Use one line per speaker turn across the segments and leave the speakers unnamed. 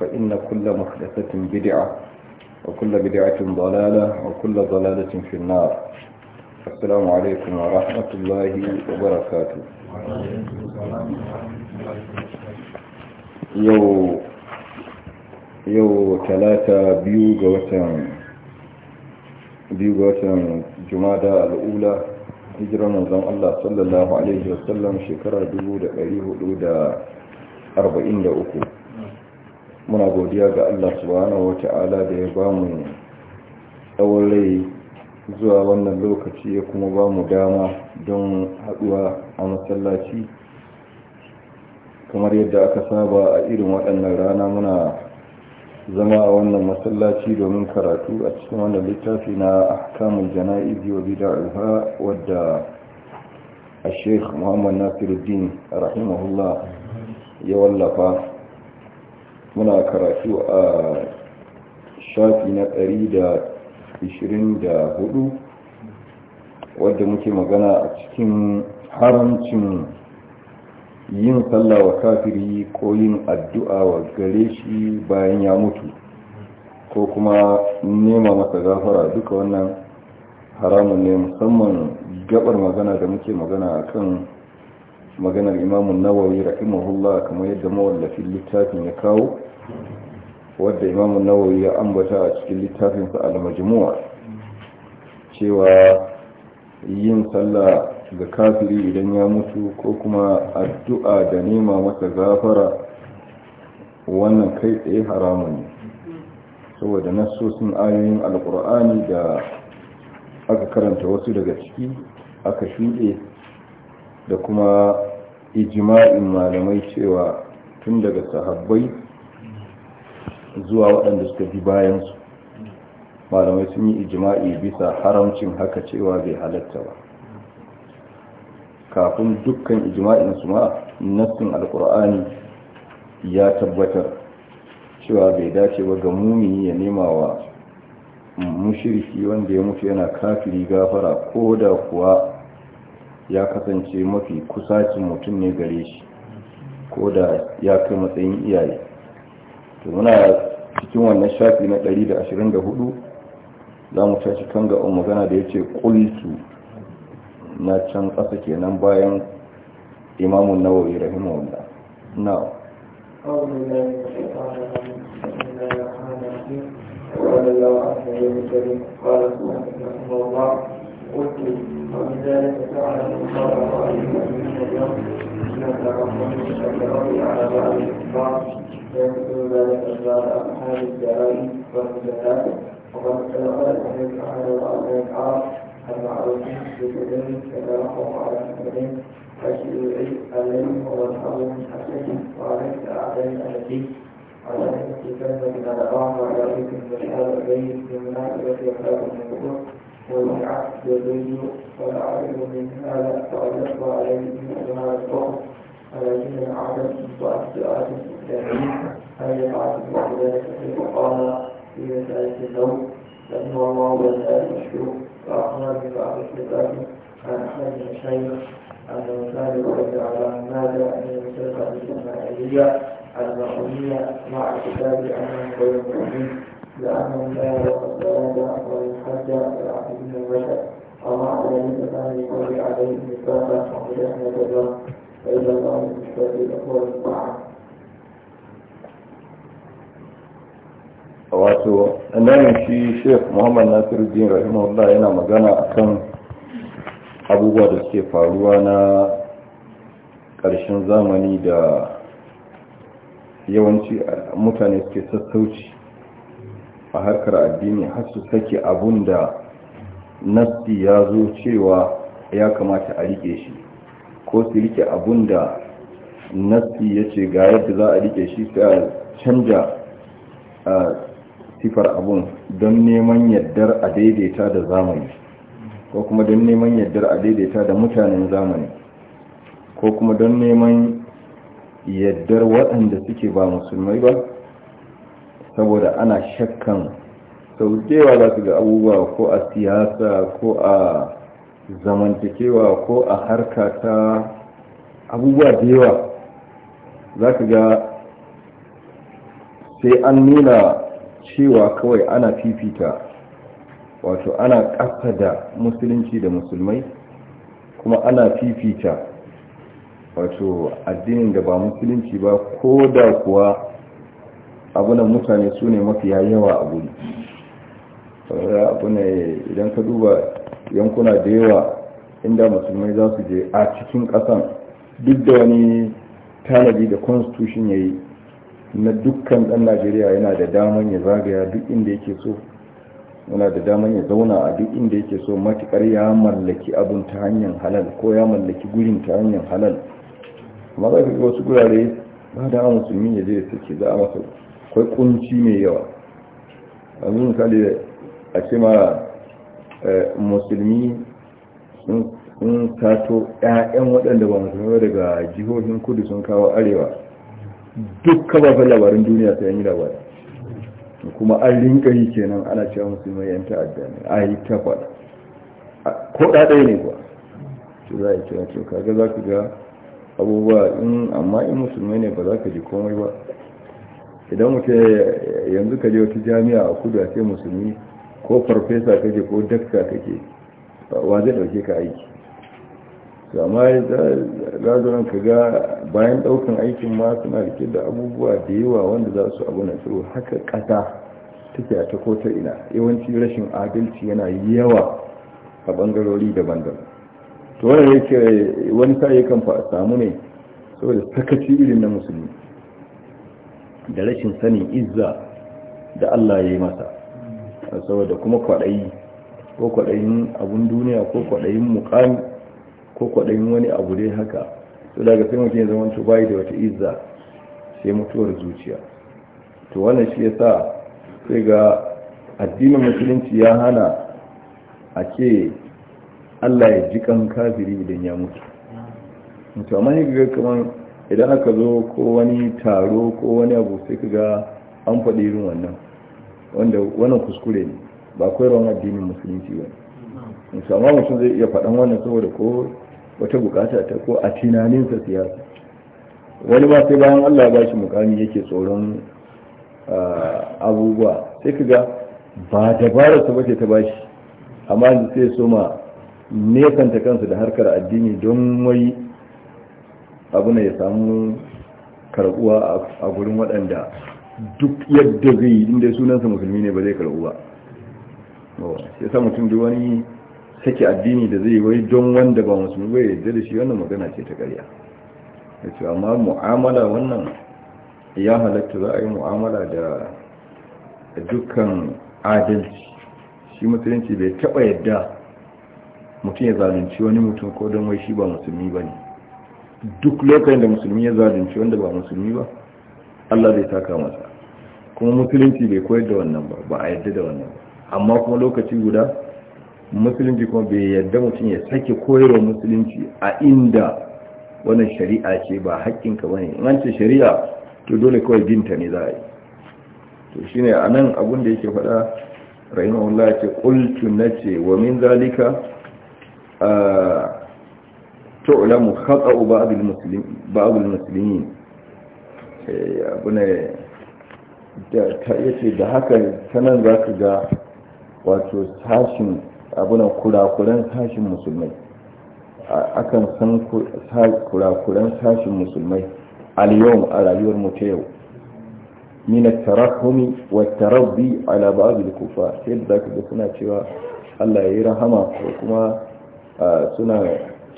فإن كل مخلصة بدعة وكل بدعة ضلالة وكل ضلالة في النار السلام عليكم ورحمة الله وبركاته يو يو ثلاثة بيو جوتن بيو جوتن جمادة الأولى هجرة منظم الله صلى الله عليه وسلم شكرا دبو أيه دو أربعين دا muna godiya ga Allah subhanahu wa ta'ala da ya ba mu tsawon rai zuwa wannan lokaci ya kuma ba mu dama don haɗuwa a masallaci kamar yadda aka saba a irin waɗannan rana muna zama a wannan masallaci domin karatu a cikin wannan littafi na ahkamul jana'izi wa bid'ah wadda a sheikh muhammad nasiruddin rahimahullah ya wallafa muna karatu a shafi na da da 124 wadda muke magana a cikin haramcin yin sallah wa kafiri ko yin addu'a wa gare shi bayan ya mutu ko kuma nema masa gafara duka wannan haramun ne musamman gabar magana da muke magana akan maganar imamun nawawi rahimahullah kamar yadda mawallafin littafin ya kawo wadda imamun nawawi ya ambata a cikin littafinsa al-majmu'a cewa yin sallah ga kafiri idan ya mutu ko kuma addu'a da nema masa gafara wannan kai tsaye haramun ne saboda nasosin ayoyin alkur'ani da aka karanta wasu daga ciki aka shuɗe da kuma ijma'in malamai cewa tun daga sahabbai zuwa waɗanda suka bi bayansu malamai sun yi ijima'i bisa haramcin haka cewa bai halatta ba kafin dukkan ijima'in su ma nassin alkur'ani ya tabbatar cewa bai dace ba ga mumini ya nema wa mushiriki wanda ya mutu yana kafiri gafara ko da kuwa ya kasance mafi kusacin mutum ne gare shi ko da ya kai matsayin iyaye to muna cikin wannan shafi na 124 za mu tashi kan ga magana da ya ce ƙultu na can ƙasa kenan bayan imamun nawawi wanda na
أعوذ بالله من الشيطان الرجيم بسم الله الرحمن الرحيم وقال الله عز وجل قال رحمه الله قلت وبذلك فعل المصطفى رأيه من اليوم إنك رحمن شكرني على بعض الكفار فيكثر ذلك أسباب أصحاب الجرائم والمجالات وقد تلقى عليك على الأربعة المعروفين بكذلك تتوقف على الكفرين الشيوعي الذي هو الحظ الحسن وعليك أعدائك التي عليك كتابة الأربعة وعليك البشارة إليه بمناسبة إخلاق النبوة ورفع يديه والعدد من هذا تعلق عليه من مثل هذا القول ولكن العدد متأثرات التأمين هل يقع وكذلك كيف قال في مسألة النوم رحمه الله وسائل مشهور وأخبر ببعض الكتاب عن أحمد بن شيخ أنه كان يرد على ماذا من المسألة الإسماعيلية المرحومية مع كتاب أنه غير مرحوم
wato nan shi sheikh muhammad nasiru din rahimahullah yana magana akan abubuwa da suke faruwa na ƙarshen zamani da yawanci mutane suke sassauci a harkar addini har su sake abun da nasti ya zo cewa ya kamata a rike shi ko su rike abun da nasti ya ce ga yadda za a rike shi sai a canja sifar abun don neman yaddar a daidaita da zamani ko kuma don neman yaddar a daidaita da mutanen zamani ko kuma don neman yaddar waɗanda suke ba musulmai ba saboda ana shakkan sau dewa za su ga abubuwa ko a siyasa ko a zamantakewa ko a harka ta abubuwa da yawa za ka ga sai an nuna cewa kawai ana fifita wato ana ƙasa da musulunci da musulmai kuma ana fifita wato addinin da ba musulunci ba ko da kuwa abunan mutane su ne mafiya yawa a guri idan ka duba yankuna da yawa inda musulmai za su je a cikin kasan duk da wani tanadi da constitution ya yi na dukkan dan najeriya yana da daman ya zagaya duk inda yake so yana da daman ya zauna a duk inda yake so matukar ya mallaki abun ta hanyar halal ko ya mallaki gurin ta hanyar halal amma za ka ga wasu gurare ba da musulmi ya je ya sake za a masa akwai kunci mai yawa yanzu misali a ce ma eh, musulmi sun sato 'ya'yan waɗanda ba musulmi ba daga jihohin kudu sun kawo arewa duk kafafen labarin duniya ta yanyi labari kuma an rinka yi kenan ana cewa musulmi yan ta'adda ne a yi ta ko ɗaɗaya ne kuwa ce za a yi cewa kaga za ka ga abubuwa in amma in musulmi ne ba za ka ji komai ba idan mutum yanzu ka je wata jami'a a kudu a ce musulmi ko farfesa kake ko dakta kake wa zai dauke ka aiki su amma razuran ka ga bayan daukan aikin ma suna rike da abubuwa da yawa wanda za su abu na tsoro haka kasa take a ta kota ina yawanci rashin adalci yana yawa a bangarori daban-daban to wannan yake wani sa yakan samu ne saboda sakaci irin na musulmi da rashin sanin izza da Allah ya yi masa saboda kuma kwaɗayi ko kwaɗayin abun duniya ko kwaɗayin mukami ko kwaɗayin wani abu dai haka to daga sai mutum ya zama to bai da wata izza sai mutuwar zuciya to wannan shi yasa sai ga addinin musulunci ya hana a ce Allah ya ji kan kafiri idan ya mutu to amma ne ga kaman. idan aka zo ko wani taro ko wani abu sai ka ga an faɗi irin wannan wanda wannan kuskure ne ba rawan addinin musulunci ba Musamman mutum zai iya faɗan wannan saboda ko wata bukata ta ko a tunaninsa siyasa wani ba sai bayan allah ba shi mukami yake tsoron abubuwa sai kaga ga ba dabararsa ba ce ta bashi amma sai soma nesanta kansa da harkar addini don wai abu ne ya samu karbuwa a gurin waɗanda duk yadda zai yi inda sunansa musulmi ne ba zai karbu ba ya sa mutum wani sake addini da zai wai don wanda ba musulmi bai yadda da shi wannan magana ce ta karya ya ce amma mu'amala wannan ya halatta za a yi mu'amala da dukkan adalci shi musulunci bai taɓa yadda mutum ya zalunci wani mutum ko don wai shi ba musulmi ba ne duk lokacin da musulmi ya zalunci wanda ba musulmi ba Allah zai taka masa kuma musulunci bai koyar da wannan ba ba a yadda da wannan ba amma kuma lokaci guda musulunci kuma bai yadda mutum ya sake koyarwa musulunci a inda wannan shari'a ce ba haƙƙinka ba ne in an ce shari'a to dole kawai binta ne za a yi to shine a nan abin da yake faɗa rahimahullah ce ƙultu na ce wa min zalika ah, tu'lamu khata'u ba'd al-muslim ba'd da ta yace da haka sanan zaka ga wato sashin abuna sashin akan san kurakuran sashin musulmai al a rayuwar mu ta yau min tarahumi wa at-tarabbi ala ba'd al sai da kaga suna cewa Allah ya yi rahama ko kuma suna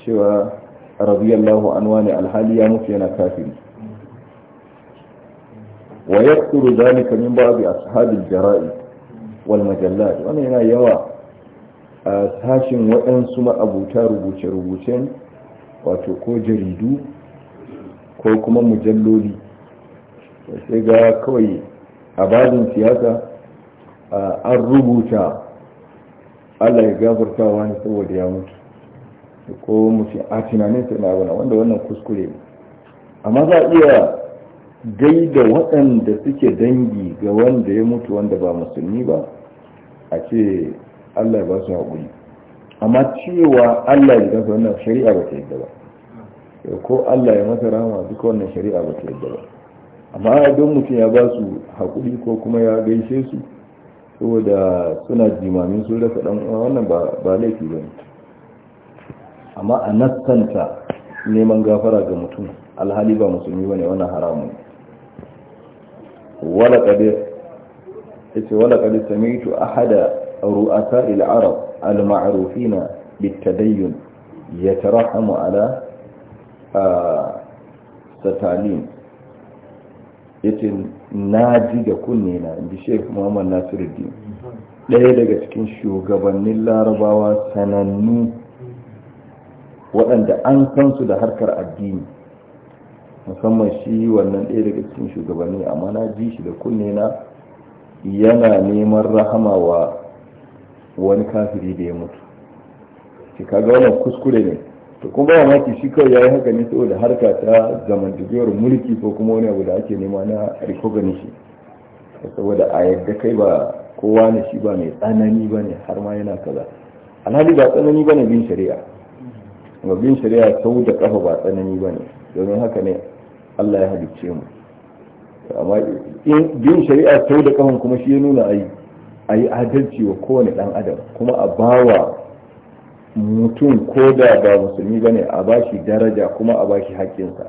cewa radiyallahu anhu ne alhali ya mutu yana kafiri wa yaqtulu dhalika min ba'd ashabil jara'i wal majallat wani yana yawa a sashin waɗansu ma'abuta rubuce-rubucen wato ko jaridu ko kuma mujalloli sai ga kawai a bajin siyasa an rubuta allah ya gafarta wani saboda ya mutu ko mafi a tunanin sai na wanda wannan kuskure amma za a iya gai da waɗanda suke dangi ga wanda ya mutu wanda ba musulmi ba a ce allah ya ba su haƙuri amma cewa allah ya gasa wannan shari'a ba ta yadda ba ko allah ya masa rama duka wannan shari'a ba ta yadda ba amma don mutum ya ba su haƙuri ko kuma ya gaishe su saboda suna jimamin sun rasa ɗan wannan ba laifi ba ne amma a nassanta neman gafara ga mutum alhali ba musulmi bane wannan haramun wala qad yace wala qad sami'tu ahada ru'asa al-arab al-ma'rufina bitadayyun yatarahamu ala satalin yace ji da kunne na inji Sheikh Muhammad Nasiruddin ɗaya daga cikin shugabannin Larabawa sanannu waɗanda an san su da harkar addini musamman shi wannan ɗaya daga cikin shugabanni amma na ji shi da kunne na yana neman rahama wa wani kafiri da ya mutu shi kaga wannan kuskure ne to kuma ba mamaki shi kawai yayi haka ne saboda harka ta zamantakewar mulki ko kuma wani abu da ake nema na rikoganishi saboda a yadda kai ba kowa ne shi ba mai tsanani ba ne har ma yana kaza alhali ba tsanani ba ne bin shari'a kuma bin shari'a sau da kafa ba tsanani ba ne domin haka ne Allah ya halicce mu amma bin shari'a sau da kafa kuma shi ya nuna ayi yi adalci wa kowane dan adam kuma a bawa mutum ko da ba musulmi ba ne a ba shi daraja kuma a ba bashi haƙƙinsa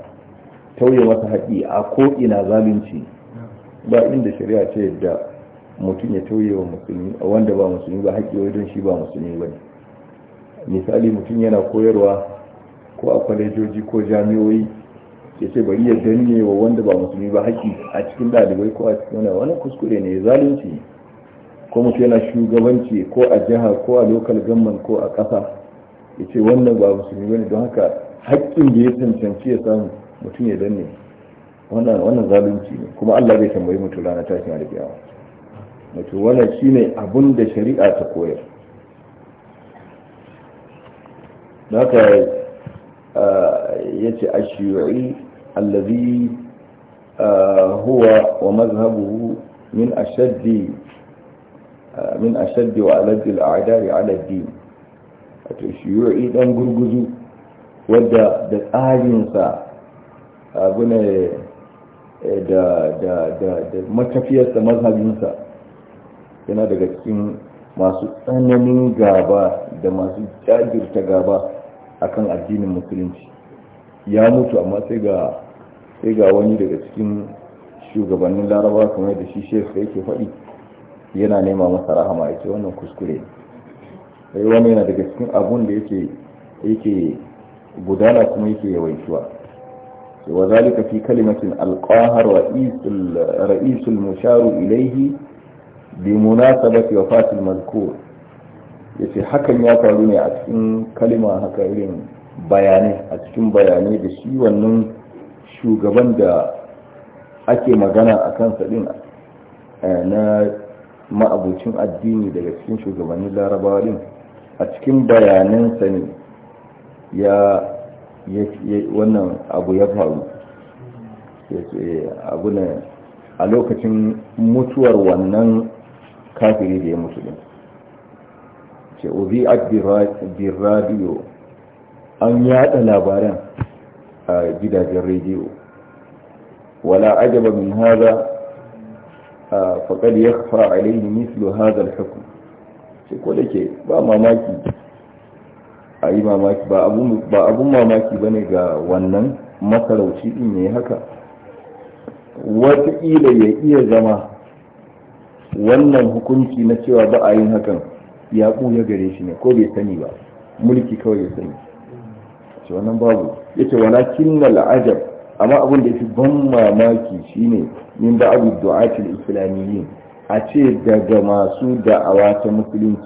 tauye masa haƙƙi a ko zalunci ba inda shari'a ce yadda mutum ya tauye wa musulmi wanda ba musulmi ba haƙƙi wajen shi ba musulmi ba ne. misali mutum yana koyarwa ko a kwalejoji ko jami'oi ya ce bari ya danne wa wanda ba musulmi ba haƙi a cikin ɗalibai ko a cikin wani wani kuskure ne zalunci ko mutum yana shugabanci ko a jiha ko a lokal gamman ko a ƙasa ya ce wannan ba musulmi ba ne don haka haƙƙin da ya cancanci ya samu mutum ya danne wannan zalunci ne kuma allah bai tambayi mutum rana tashin alƙiyawa wato wannan shine abun da shari'a ta koyar da haka ya ce a shiyuri allazi huwa wa mazhabu min ashaddi min ashaddi wa aladdi al'adari aladdi wato shiyuri dan gurguzu wadda da tsarinsa abu ne e, da matafiyarsa mazhabinsa yana daga cikin masu tsananin gaba da masu jajirta gaba akan addinin musulunci ya mutu amma sai ga sai wani daga cikin shugabannin laraba kuma da shi shekha yake faɗi yana nema masa rahama ya wannan kuskure sai wani yana daga cikin abun da yake gudana kuma yake yawaituwa وذلك في كلمة raisul musharu رئيس المشار إليه بمناسبة وفاة المذكور ya ce hakan ya faru ne a cikin kalima haka irin bayanai a cikin bayanai da shi wannan shugaban da ake magana a kansa din eh, na ma'abucin addini daga cikin shugabannin larabawa din a cikin bayanansa ne ya wannan abu ya faru eh, abu ne a lokacin mutuwar wannan kafiri da ya mutu din ce birradiyo an yada labaran a gidajen rediyo wala ajaba min haza faƙal ya kafa alaihi mislu haza al ce ko da ke ba mamaki a yi mamaki ba abun mamaki ba ne ga wannan masarauci din ne haka wataƙila ya iya zama wannan hukunci na cewa ba a yin hakan ya ya gare shi ne ko bai sani ba mulki kawai ya sani shi wannan babu ya ce wana kinna la'ajab amma abin da ya fi ban mamaki shine min ba abu du'atul islamiyyin a ce daga masu da'awa ta musulunci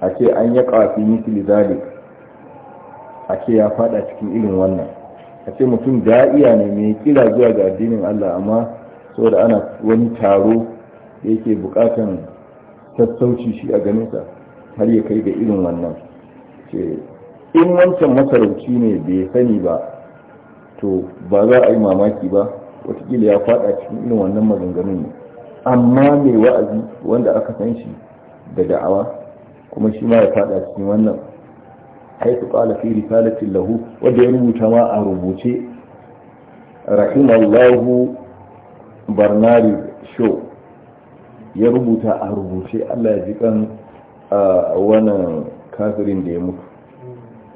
a ce an ya kafi misli zalik a ce ya fada cikin irin wannan a ce mutum da'iya ne mai kila zuwa ga addinin Allah amma saboda ana wani taro da yake bukatan sassauci shi a ganinsa har ya kai ga irin wannan ce in wancan masarauci ne bai sani ba to ba za a yi mamaki ba watakila ya fada cikin irin wannan maganganun ne amma mai wa'azi wanda aka san shi da da'awa kuma shi ma ya fada cikin wannan su kala fi risalatin lahu wanda ya rubuta ma a rubuce rahimallahu barnari show ya rubuta a rubuce Allah ya ji kan wannan kafirin da ya mutu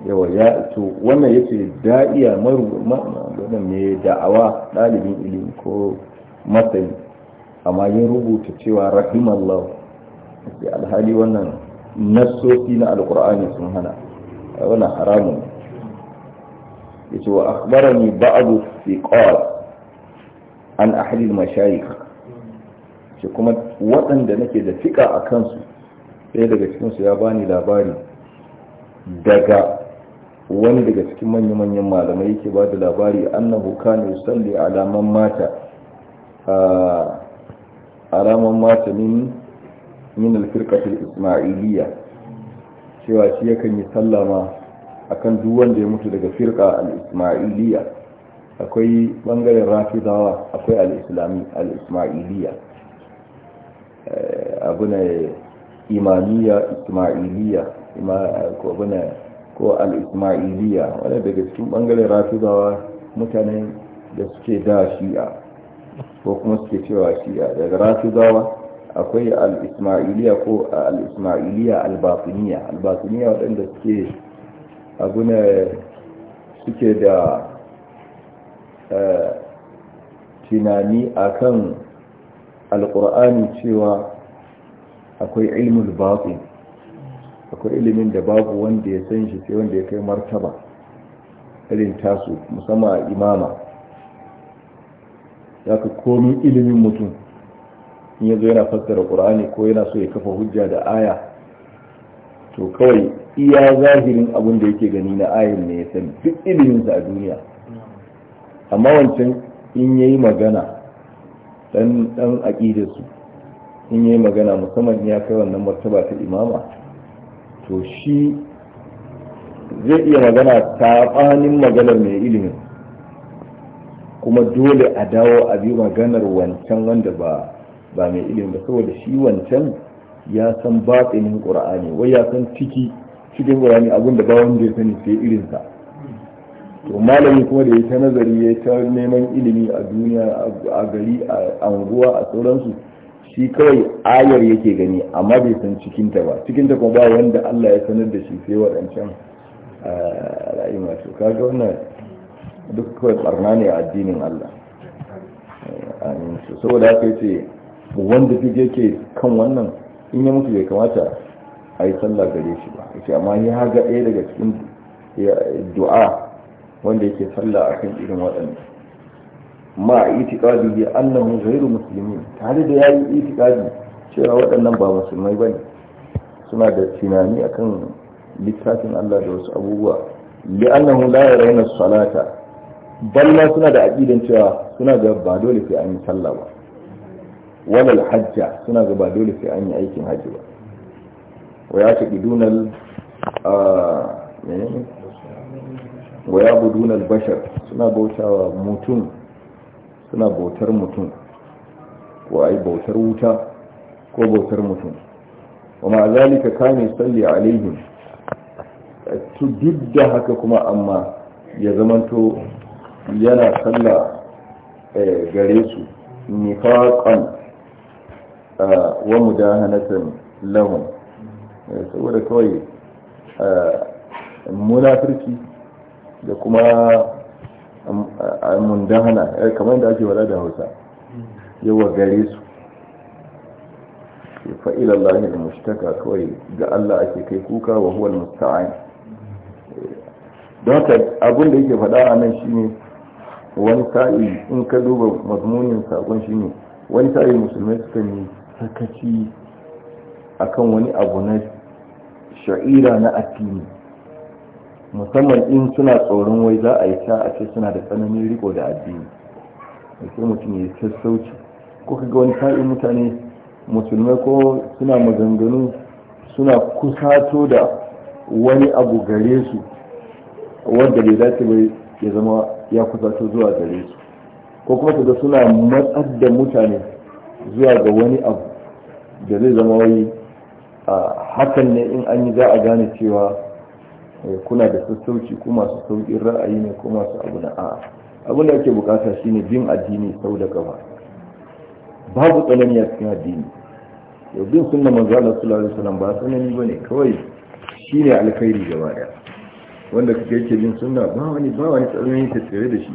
yawa ya to wannan ce da'iya maru ne da'awa dalibin ilimi ko matsayi amma ya rubuta cewa rahimallahu sai alhali wannan nassosi na alkur'ani sun hana wannan haramun ce wa akhbarani ba'd thiqat an ahli mashayikh shi kuma waɗanda nake da fika a kansu ɗaya daga cikinsu ya bani labari daga wani daga cikin manya-manyan malamai yake ba da labari annahu su yusalli alaman mata alaman mata min min alfirqatul ismailiyya cewa shi yakan yi sallama akan duk wanda ya mutu daga firka al-ismailiyya akwai ɓangaren rafidawa akwai al-islami abuna imamiyya ismailiyya ko abuna ko al isma'iliya wanda daga cikin bangaren rafidawa mutanen da suke da shi'a ko kuma suke cewa shi'a daga rafidawa akwai al isma'iliya ko al isma'iliya al-batiniya al-batiniya waɗanda suke abuna suke da eh, tunani akan alkur'ani cewa akwai ilmul akwai ilimin da babu wanda ya san shi sai wanda ya kai martaba irin tasu musamman imama za ka komi ilimin mutum in yanzu yana fassara ƙur'ani ko yana so ya kafa hujja da aya to kawai iya zahirin abin da yake gani na ayin ne ya san duk iliminsa a duniya amma wancan in yayi magana dan dan su in yi magana musamman ya kai wannan martaba ta imama to shi zai iya magana saɓanin maganar mai ilimin kuma dole a dawo a bi maganar wancan wanda ba mai ilimin ba saboda shi wancan ya san batsinin ƙur'ani wai ya san ciki cikin ƙura'ani abinda da ba wanda ya sani sai irinsa to malami kuma da ya ta nazari ya ta neman ilimi a duniya a gari a anguwa a sauransu shi kawai ayar yake gani amma bai san cikinta ba cikinta kuma ba wanda Allah ya sanar da shi sai waɗancan ra'ayi masu kaga wannan duk kawai barna ne a addinin Allah eh, amin saboda haka yace wanda duk yake kan wannan in ya mutu bai kamata a yi sallah gare shi ba yace amma ya haga ɗaya daga cikin du'a wanda yake sallah akan irin waɗannan ma itikadi ya annahu zairu muslimin tare da yayi itikadi cewa waɗannan ba musulmai bane suna da tunani akan littafin Allah da wasu abubuwa li annahu la yarawna salata balla suna da aƙidan cewa suna ga ba dole sai an yi sallah ba walal hajja suna ga ba dole sai an yi aikin haji ba wa ya taqiduna al wa ya bashar suna bautawa mutum suna bautar mutum ko ai bautar wuta ko bautar mutum kuma a zalika kane salli alaihim to duk da haka kuma amma ya zamanto yana salla eh, gare su nifaqan ah, wa mudahanatan lahum eh, saboda kawai ah, munafirci da kuma a mundahana eh, kamar da ake wada da hausa yawa gare su ke fa'ila da kawai ga Allah ake kai kuka wa huwal musta'an don haka abin da yake fada a nan shine wani sa'i in ka duba mazmunin sakon shine wani sa'i musulmai suka yi sakaci akan wani abu na sha'ira na addini musamman in suna tsoron wai za a yi ta a ce suna da tsananin riko da addini da sai mutum ya yi sassauci ko ka ga wani ta'in mutane musulmai ko suna maganganu suna kusato da wani abu gare su wanda bai dace bai ya zama ya kusato zuwa gare su ko kuma ga suna matsar da mutane zuwa ga wani abu da zai zama wai hakan ne in an yi za a gane cewa Eh, kuna da sassauci ko masu saukin ra'ayi ne ko masu abu na a'a abin da ake bukata shine bin addini sau da gaba babu tsanani a cikin addini yau bin sunna manzo Allah sallallahu alaihi wasallam ba tsanani bane kawai shine alkhairi gaba daya wanda kake yake bin sunna ba wani ba wani tsanani ta tsere da shi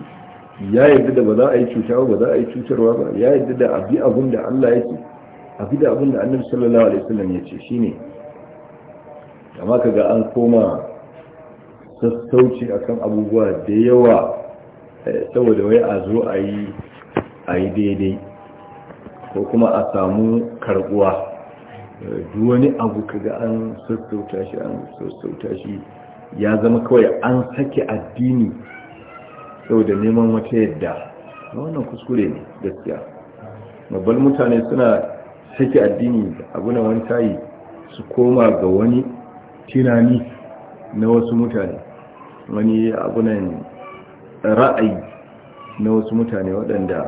ya yarda da ba za a yi cuta ba za a yi cutarwa ba ya yarda da abi abun da Allah yake abi da abun da Annabi sallallahu alaihi wasallam ya ce shine amma kaga an koma sassauci a kan abubuwa da yawa eh, saboda wai a zo a yi daidai ko kuma a samu karbuwa eh, duk wani abu kaga an sassauta shi an sassauta shi ya zama kawai an sake addini saboda neman wata yadda wannan kuskure ne gaskiya babbar mutane suna sake addini abu na wani tayi su koma ga wani tunani na wasu mutane wani abunan ra'ayi na wasu mutane waɗanda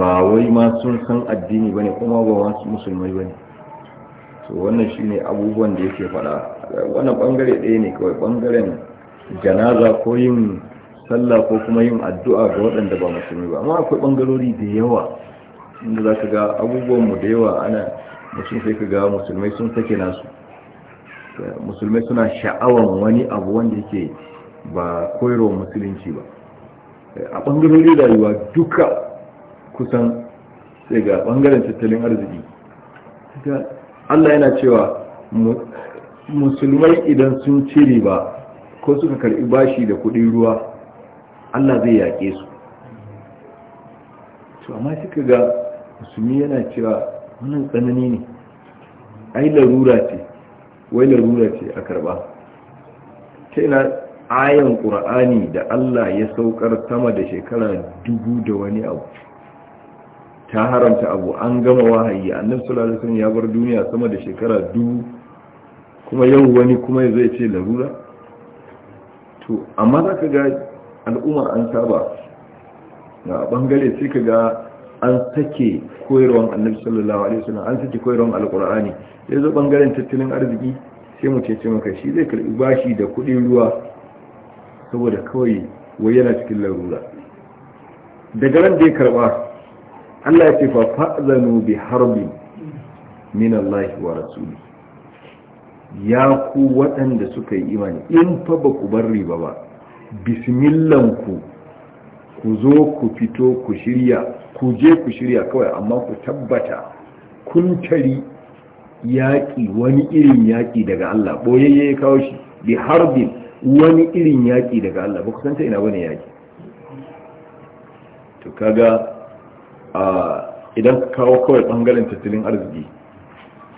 ba wai ma sun san addini bane kuma ba wasu musulmai bane to wannan shi ne abubuwan da yake faɗa wannan bangare ɗaya ne kawai bangaren janaza ko yin sallah ko kuma yin addu'a ga waɗanda ba musulmi ba amma akwai bangarori da yawa inda za ka ga abubuwanmu da yawa ana mutum sai ka ga musulmai sun sake nasu musulmai suna sha'awan wani abu wanda yake ba koyarwar musulunci ba a ɓangarorin rayuwa duka kusan sai ga ɓangaren tattalin arziki Allah yana cewa musulmai idan sun cire ba ko suka karɓi bashi da kuɗin ruwa Allah zai yaƙe su to amma suka ga musulmi yana cewa wannan tsanani ne ai larura ce wai larura ce a karɓa ta ina ayan ƙura'ani da Allah ya saukar sama da shekara dubu da wani abu ta haramta abu an gama wahayi annabi sallallahu alaihi wasallam ya bar duniya sama da shekara dubu kuma yau wani kuma zai ce larura to amma zaka ga al'umma an saba na bangare sai ka ga an sake koyarwan annabi sallallahu alaihi wasallam an sake koyarwan alqur'ani yanzu bangaren tattalin arziki sai mu ce maka shi zai karbi bashi da kuɗin ruwa saboda kawai wai yana cikin larura daga ran da ya karba Allah ya ce fa fa'zanu bi harbi min Allah wa rasuli ya ku waɗanda suka yi imani in fa ba ku bar riba ba bismillah ku ku zo ku fito ku shirya ku je ku shirya kawai amma ku tabbata kun tari yaƙi wani irin yaƙi daga Allah boyayye ya kawo shi bi harbin wani irin yaƙi daga Allah ba kusanta ina wani yaƙi to kaga idan ka kawo kawai ɓangaren tattalin arziki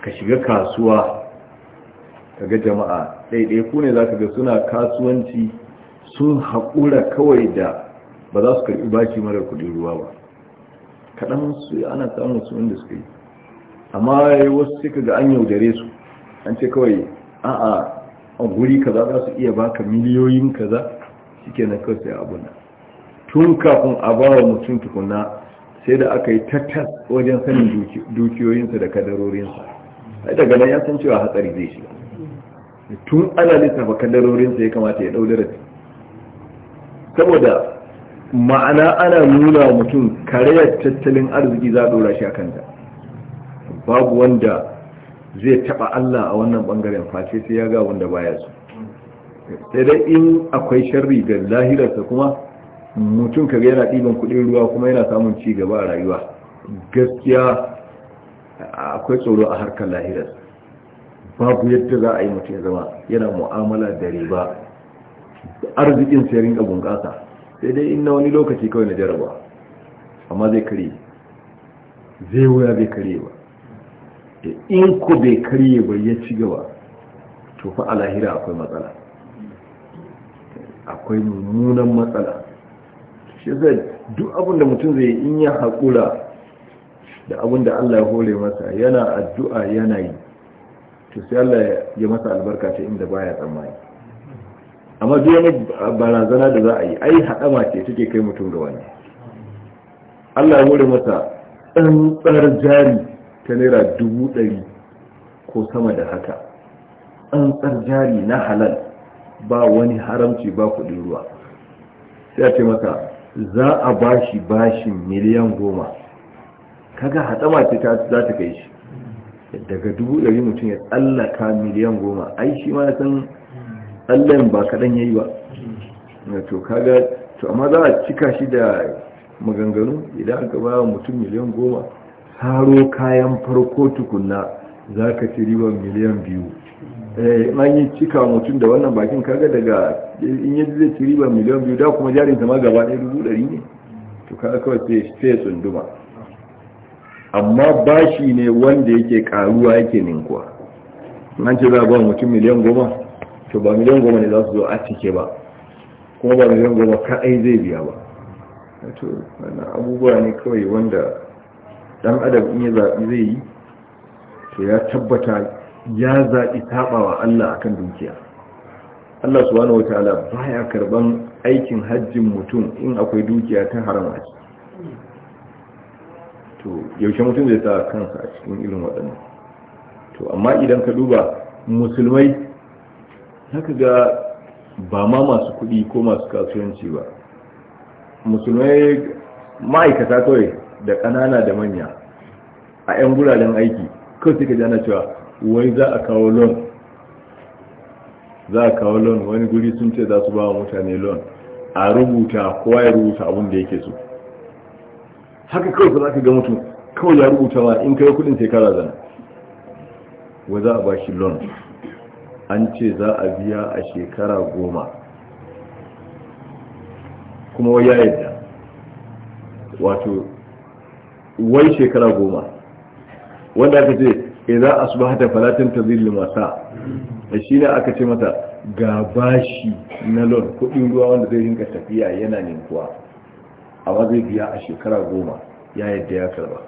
ka shiga kasuwa ka ga jama'a ku ne za ka ga suna kasuwanci sun haƙura kawai da ba za su karɓi bashi marar kuɗin ruwa ba kaɗan su ana samun su inda suka yi amma wasu suka ga an yaudare su an ce kawai a'a a guri kaza za su iya baka miliyoyin kaza shike na kawai sai abu tun kafin a ba wa mutum tukuna sai da aka yi tattas wajen sanin dukiyoyinsa da kadarorinsa sai daga nan ya san cewa hatsari zai shiga tun ana lissafa kadarorinsa ya kamata ya ɗau saboda ma'ana ana nuna mutum karayar tattalin arziki za a ɗora shi a kanta babu wanda zai taba Allah a wannan bangaren face sai ya ga wanda baya su. sai dai in akwai sharri ga lahirarsa kuma mutum kaga yana ɗiban kuɗin ruwa kuma yana samun ci gaba a rayuwa gaskiya akwai tsoro a harkar lahirarsa babu yadda za a yi mutum ya zama yana mu'amala da riba arzikin sai ringa bunƙasa sai dai in na wani lokaci kawai na jarabawa. amma zai kare zai wuya zai kare ba in ku bai karye ba ya ci gaba to fa a lahira akwai matsala akwai mummunan matsala shi zai duk abin da mutum zai in ya haƙura da abin da Allah ya hore masa yana addu'a yana yi to sai Allah ya masa albarka ta inda baya tsammani amma duk wani barazana da za a yi ai haɗama ce take kai mutum ga wani Allah ya hore masa tsantsar jari ta naira dubu ɗari ko sama da haka tsantsar jari na halal ba wani haramci ba kuɗin ruwa sai a ce maka za a bashi bashin miliyan goma kaga haɗa ce ta za ta kai shi daga dubu ɗari mutum ya tsallaka miliyan goma ai shi ma san tsallayin ba kaɗan ya yi ba to kaga to amma za a cika shi da maganganu idan aka ba mutum miliyan goma taro kayan farko tukunna za ka ci ribar miliyan biyu eh, an yi cika mutum da wannan bakin kaga daga in yanzu zai ci ribar miliyan biyu da kuma jarin zama gaba ɗaya dubu ɗari ne to aka wace sai tsunduma amma bashi ne wanda yake karuwa yake ninkuwa nan ce za a ba mutum miliyan goma to ba miliyan goma ne za su zo a cike ba kuma ba miliyan goma kaɗai zai biya ba to abubuwa ne kawai wanda dan adam in ya zaɓi zai yi to ya tabbata ya zaɓi taɓawa Allah akan dukiya Allah subhanahu wataala baya karban aikin hajjin mutum in akwai dukiya ta haram a to yaushe mutum zai sa kansa a cikin irin waɗannan to amma idan ka duba musulmai haka ga ba ma masu kuɗi ko masu kasuwanci ba musulmai ma'aikata kawai da ƙanana da manya a 'yan guraren aiki kawai suka jana cewa wai za a kawo loan za a kawo loan wani guri sun ce za su ba wa mutane loan a rubuta kowa ya rubuta abin da yake so haka kawai za ka ga mutum kawai ya rubuta ma in kai kudin sai kara zana wai za a ba shi loan an ce za a biya a shekara goma kuma wai ya yadda wato wai shekara goma wanda aka ce idza asbahata fala tantazil limasa da shi ne aka ce mata ga bashi na lon kudin ruwa wanda zai rinka tafiya yana ninkuwa amma zai biya a shekara goma ya yadda ya karba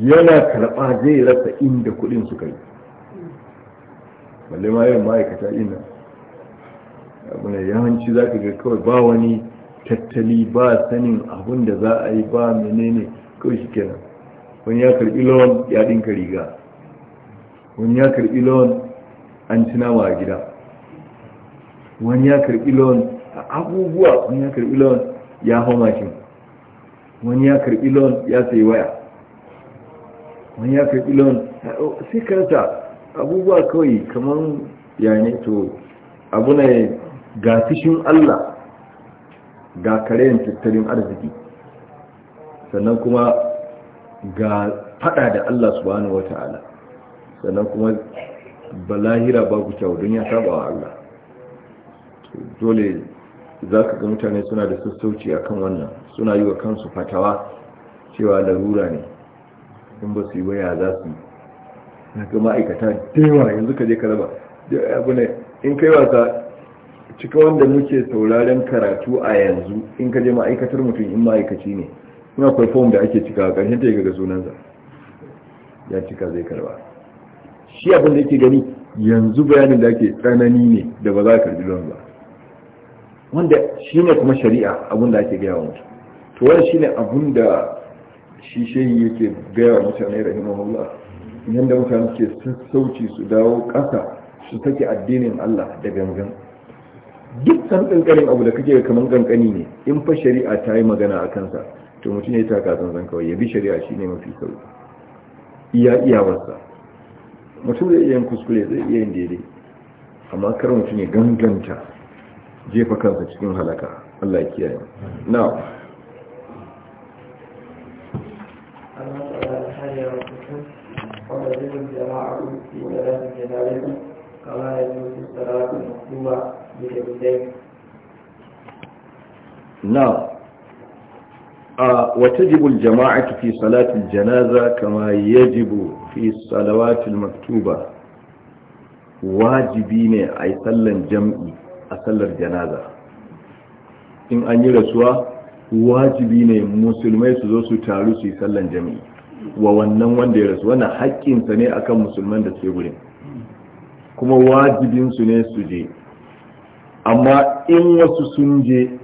yana karba zai rasa inda kudin suka yi balle ma yawan ma'aikata ina abu ne yawanci za ka ga kawai ba wani tattali ba sanin abin da za a yi ba menene kawai shi kenan wani ya karbi lawan ya dinka riga wani ya karbi lawan an tuna wa a gida wani ya karbi lawan a abubuwa wani ya karbi lawan ya hau mashin wani ya karbi lawan ya sayi waya wani ya karbi lawan sai karta abubuwa kawai kamar yane to abu ne ga fishin Allah ga karayen tattalin arziki sannan kuma ga fada da Allah subhanahu ta'ala sannan kuma balahira ku kyau don ya saba wa Allah dole za ka ga mutane suna da sassauci a kan wannan suna yi wa kansu fatawa cewa larura ne in ba su yi waya za su na ga ma'aikata da yawa yanzu ka je ka raba in kai wasa cika wanda muke sauraren karatu a yanzu in ka je ma'aikatar mutum in ma'aikaci ne in akwai fom da ake cika a ƙarshen ta ga sunansa ya cika zai karba shi abin da yake gani yanzu bayanin da ake tsanani ne da ba za a karbi don ba wanda shi ne kuma shari'a abin da ake gaya wa mutum to wani shi ne abin da shi shehi yake gaya wa mutane rahimahullah yadda mutane ke sassauci su dawo ƙasa su take addinin Allah da gangan dukkan kankanin abu da kake kaman kankani ne in fa shari'a ta yi magana a kansa to mutum ya taka zanzan kawai ya bi shari'a shi ne mafi sauri. iya iya wasa mutum zai iya yin kuskure zai iya yin daidai amma kar mutum ya ganganta jefa kansa cikin halaka Allah ya kiyaye now
ولا يجوز يجوز الصلاة المكتوبة
Na'a, a wace jibun jama'a ki ki salatin janaza kama ya jibu ki salatin wajibi ne a yi sallar jam'i a sallar janaza. In an yi rasuwa, wajibi ne musulmai su zo su taru su yi sallar jam'i, wa wannan wanda ya rasu wani haƙƙinsa ne akan musulman da ke wurin? Kuma wajibinsu ne su je. amma in wasu sun je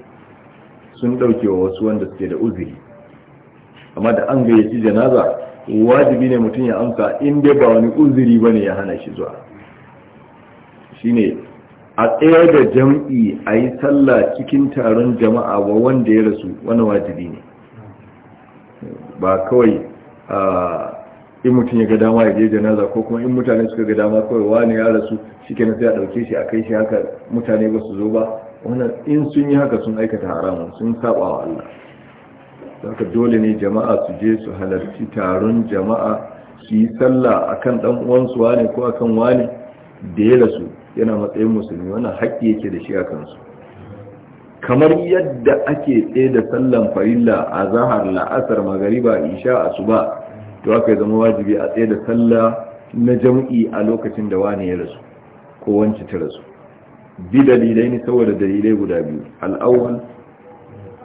sun ɗauke wa wasu wanda suke da uziri. amma da an gayyaci janaza wajibi ne mutum ya amsa in dai ba wani uziri ba ne ya hana shi zuwa shine a tsayar da jam'i a yi sallah cikin taron jama'a wa wanda ya rasu wani wajibi ne ba kawai a. Ah, in mutum ya ga dama ya je janaza ko kuma in mutane suka ga dama kawai wani ya rasu shikenan sai a ɗauke shi a kai shi haka mutane ba su zo ba wannan in sun yi haka sun aikata haramun sun saba wa Allah haka dole ne jama'a su je su halarci taron jama'a su yi sallah akan dan uwansu wane ko akan wani da ya rasu yana matsayin musulmi wannan haƙƙi yake da shi a kansu kamar yadda ake tsaye da sallan farilla a zahar la'asar magariba isha ba. to haka ya zama wajibi a tsaye da sallah na jam'i a lokacin da wani ya rasu ko wancan ta rasu bi dalilai ne saboda dalilai guda biyu al'awwal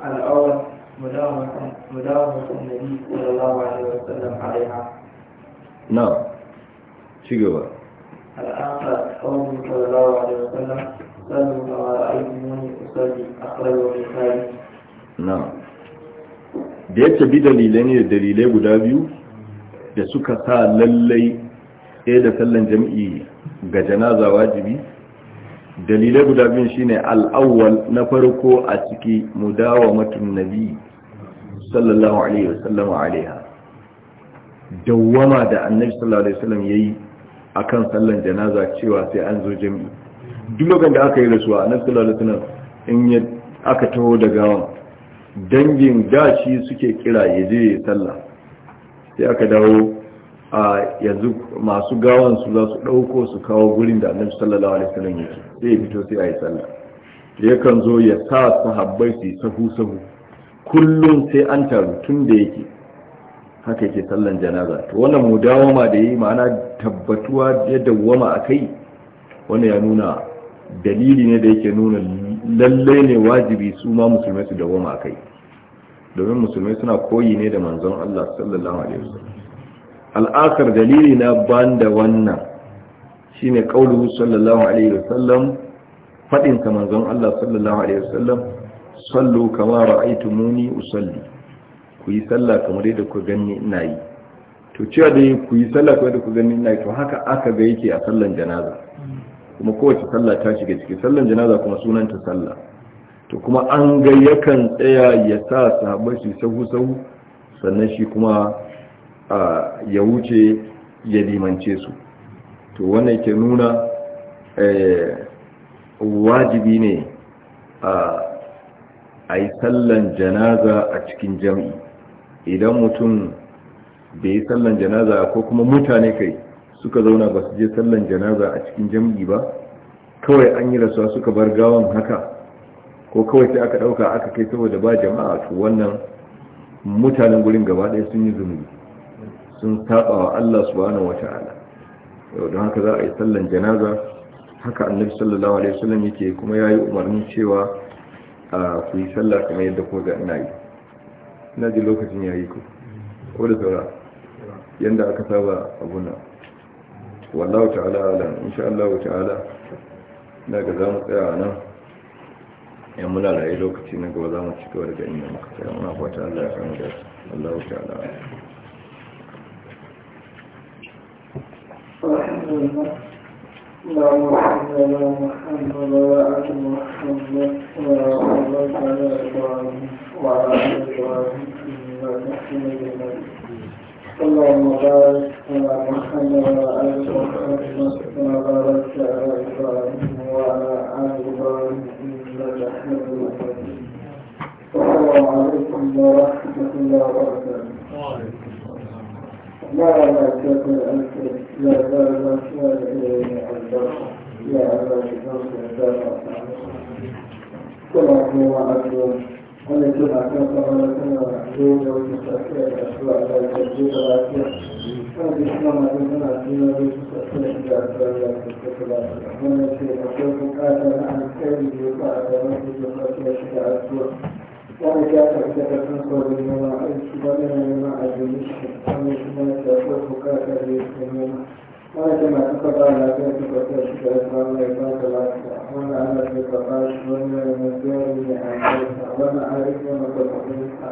al'awwal mudawamatan nabi sallallahu alaihi wasallam alaiha
na ci gaba
al'aqa qawmi sallallahu alaihi wasallam sallu kama ra'aytumuni usalli akhrajahu an-nasa'i
na da yake bi dalilai ne da dalilai guda biyu da suka sa lallai ɗaya da sallan jam'i ga janaza wajibi dalilai guda biyun shine al'awwal na farko a ciki mu mudawamatun nabi sallallahu alaihi wasallam alaiha dawwama da annabi sallallahu alaihi wasallam yayi akan sallan janaza cewa sai an zo jami'i duk lokacin da aka yi rasuwa annabi sallallahu alaihi wasallam in aka taho da gawan dangin dashi suke kira yaje sallah sai aka dawo a yanzu masu gawan su za su ɗauko su kawo gurin da annabi sallallahu alaihi wasallam yake sai ya fito sai a yi sallah kan zo ya sa sahabbai su sahu sahu kullum sai an taru tun da yake haka yake sallan janaza to wannan mudawama da yi ma'ana tabbatuwa ya dawama akai wannan ya nuna dalili ne da yake nuna lallai ne wajibi su ma musulmai su dawwama akai domin musulmai suna koyi ne da manzon Allah sallallahu alaihi wasallam al'akar dalili na banda wannan shine qauluhu sallallahu alaihi wasallam fadin ka manzon Allah sallallahu alaihi wasallam sallu kama ra'aytumuni usalli ku yi sallah kamar yadda ku ganni ina yi to cewa dai ku yi sallah kamar yadda ku ganni ina yi to haka aka ga yake a sallan janaza kuma kowace sallah ta shiga ciki sallan janaza kuma sunanta sallah to kuma an ga yakan tsaya ya sa sahabban shi sahu-sahu sannan shi kuma ya wuce ya limance su to wannan ke nuna eh, wajibi ne a yi sallan janaza a cikin jam'i idan mutum bai yi sallan janaza ko kuma mutane kai suka zauna ba su je sallan janaza a cikin jam'i ba kawai an yi rasuwa suka bar gawan haka ko kawai sai aka ɗauka aka kai saboda ba jama'a to wannan mutanen gurin gaba ɗaya sun yi zunubi sun saba wa Allah subhanahu wata'ala don haka za a yi sallan janaza haka annabi sallallahu alaihi wasallam yake kuma yayi umarni cewa a ku yi sallah kamar yadda ko ga ina yi ina ji lokacin yayi ku ko da saura yanda aka saba abuna wallahu ta'ala alam insha Allah ta'ala na ga za mu tsaya nan yan mula da lokaci na gaba za mu ci gaba daga inda muka tsaya muna
اللهم صل على محمد وعلى ال محمد وعلى على على محمد محمد ابراهيم وعلى ال ابراهيم ورحمة
الله وبركاته
السلام عليكم ورحمة الله وبركاته لا لا تكن أنت لا لا لا لا إليه الدرس لا لا الدرس الدرس كما هو أجل ولكن أكثر لكم عدود وتسكير أسواق الجديد الأكثر wani ya karfi da kansuwar nema aiki wani nema a jini shi wani shi ne da ko bukatar ne su nema wani da masu kaba lafiya su kwata shi da ya mai ba da lafiya wani ana su kaba shi wani yana mai biyar ne a kai wani a rikin makwakwakin sa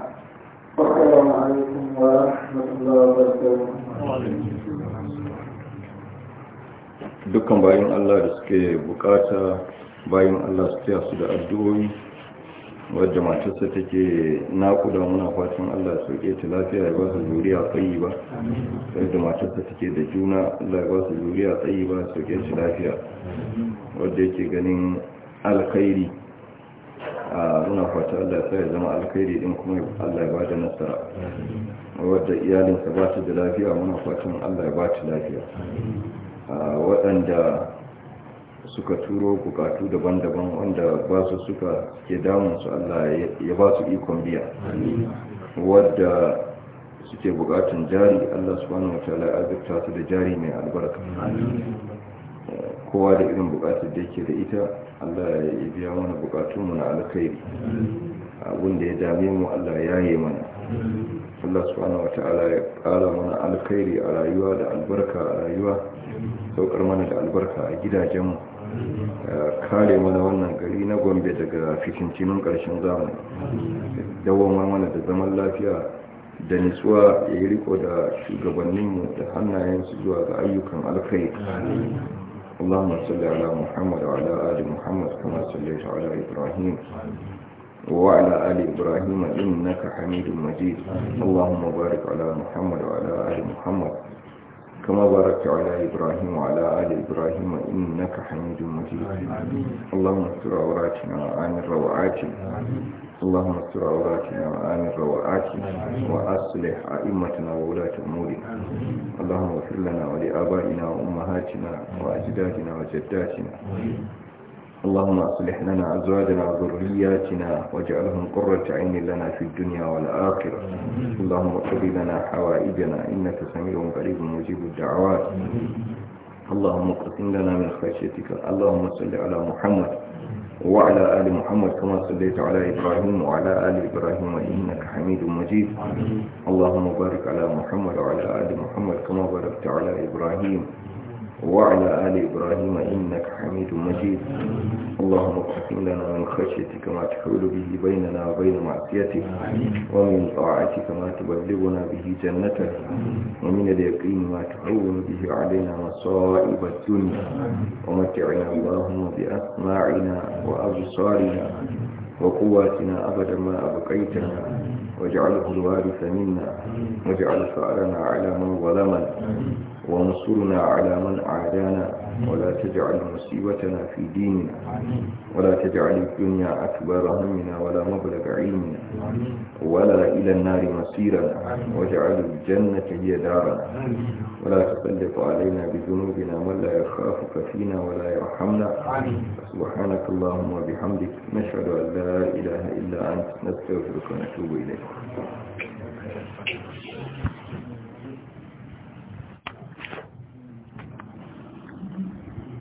dukkan bayan Allah da suke bukata bayan Allah su tiya su da addu'o'i wadda matarsa take nakuda muna fatan Allah su ke ta lafiya ya ba su zuriya tsayi ba wadda matarsa take da juna Allah ya ba su zuriya tsayi ba su ke ta lafiya wadda yake ganin alkhairi a muna fata Allah sai ya zama alkhairi din kuma Allah ya ba da nasara wadda iyalinsa ba su da lafiya muna fatan Allah ya ba ta lafiya waɗanda suka turo bukatu daban-daban wanda ba su suka ke damunsu Allah ya ba su ikon biya wadda suke bukatun jari Allah subhanahu wa ta'ala azurta su da jari mai albarka kowa da irin bukatar da yake da ita allah ya biya mana bukatunmu na alkhairi Abun da ya dame mu allah ya yi mana allah subhanahu wa ta'ala ya kara mana alkhairi a rayuwa da albarka a rayuwa saukar mana da albarka a gidajenmu kare mana wannan gari na gombe daga fikincinin karshen zamani dawamar mana da zaman lafiya da nitsuwa ya yi riko da shugabanninmu da hannayensu zuwa ga ayyukan alkhairi اللهم صل على محمد وعلى آل محمد كما صليت على إبراهيم وعلى آل إبراهيم إنك حميد مجيد اللهم بارك على محمد وعلى آل محمد كما باركت على إبراهيم وعلى آل إبراهيم إنك حميد مجيد اللهم استر عوراتنا وعن روعاتنا اللهم استر عوراتنا وآمن روعاتنا وأصلح أئمتنا وولاة أمورنا اللهم اغفر لنا ولآبائنا وأمهاتنا وأجدادنا وجداتنا اللهم أصلح لنا أزواجنا وذرياتنا واجعلهم قرة عين لنا في الدنيا والآخرة اللهم اقض لنا حوائجنا إنك سميع قريب مجيب الدعوات اللهم اقسم لنا من خشيتك اللهم صل على محمد وعلى آل محمد كما صليت على إبراهيم وعلى آل إبراهيم إنك حميد مجيد اللهم بارك على محمد وعلى آل محمد كما باركت على إبراهيم وعلى آل إبراهيم إنك حميد مجيد اللهم اقسم لنا من خشيتك ما تحول به بيننا وبين معصيتك ومن طاعتك ما تبلغنا به جنتك ومن اليقين ما تعون به علينا مصائب الدنيا ومتعنا اللهم بأسماعنا وأبصارنا وقواتنا أبدا ما أبقيتنا واجعله الوارث منا واجعل ثأرنا على من ظلمنا وانصرنا على من عادانا ولا تجعل مصيبتنا في ديننا ولا تجعل الدنيا أكبر همنا ولا مبلغ علمنا ولا إلى النار مصيرنا واجعل الجنة هي دارنا ولا تقلق علينا بذنوبنا من لا يخافك فينا ولا يرحمنا سبحانك اللهم وبحمدك نشهد أن لا إله إلا أنت نستغفرك ونتوب إليك